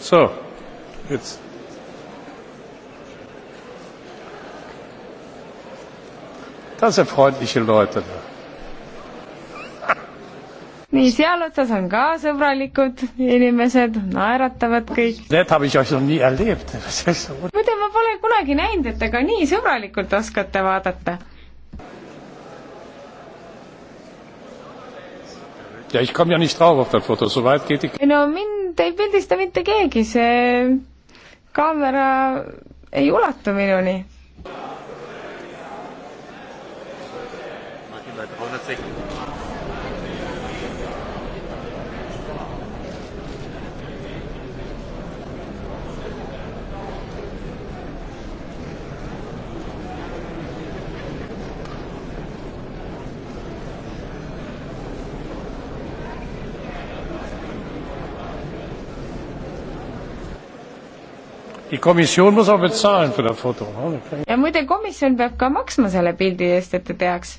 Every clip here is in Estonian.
So, jetzt. Das sind freundliche Leute. nii, seal otsas on ka sõbralikud inimesed, naeratavad kõik. Need habe ich euch noch nie erlebt. muide, ma pole kunagi näinud, et te ka nii sõbralikult oskate vaadata. ja ich komme ja nicht drauf auf das Foto, so weit geht die. no mind mind ei pildista mitte keegi, see kaamera ei ulatu minuni. Martin, bei 360. ja muide, komisjon peab ka maksma selle pildi eest, et ta teaks.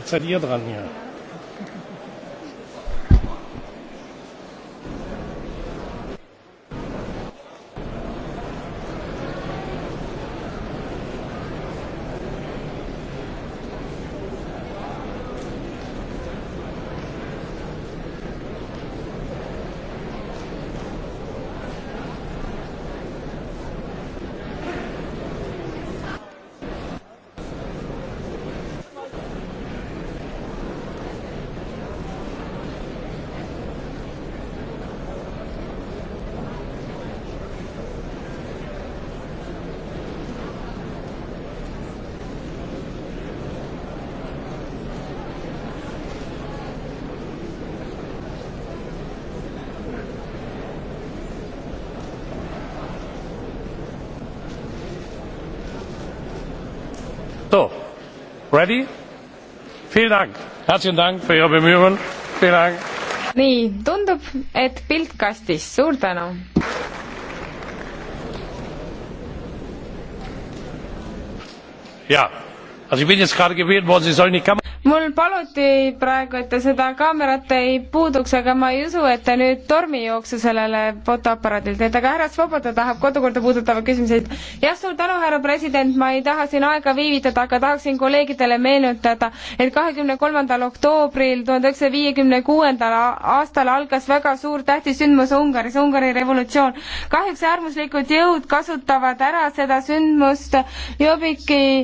Jetzt seid ihr dran hier. ready? vielen Dank, herzlichen Dank für Ihre Bemühungen, vielen Dank. nii, tundub, et pilt kastis, suur tänu. jah mul paluti praegu, et te seda kaamerat ei puuduks, aga ma ei usu, et te nüüd tormijooksu sellele fotoaparaadile teete, aga härra Svoboda tahab kodukorda puudutava küsimuse. jah, suur tänu, härra president, ma ei taha siin aega viivitada, aga tahaksin kolleegidele meenutada, et kahekümne kolmandal oktoobril tuhande üheksasaja viiekümne kuuendal aastal algas väga suur tähtis sündmus Ungaris, Ungari revolutsioon. kahjuks äärmuslikud jõud kasutavad ära seda sündmust Jobiki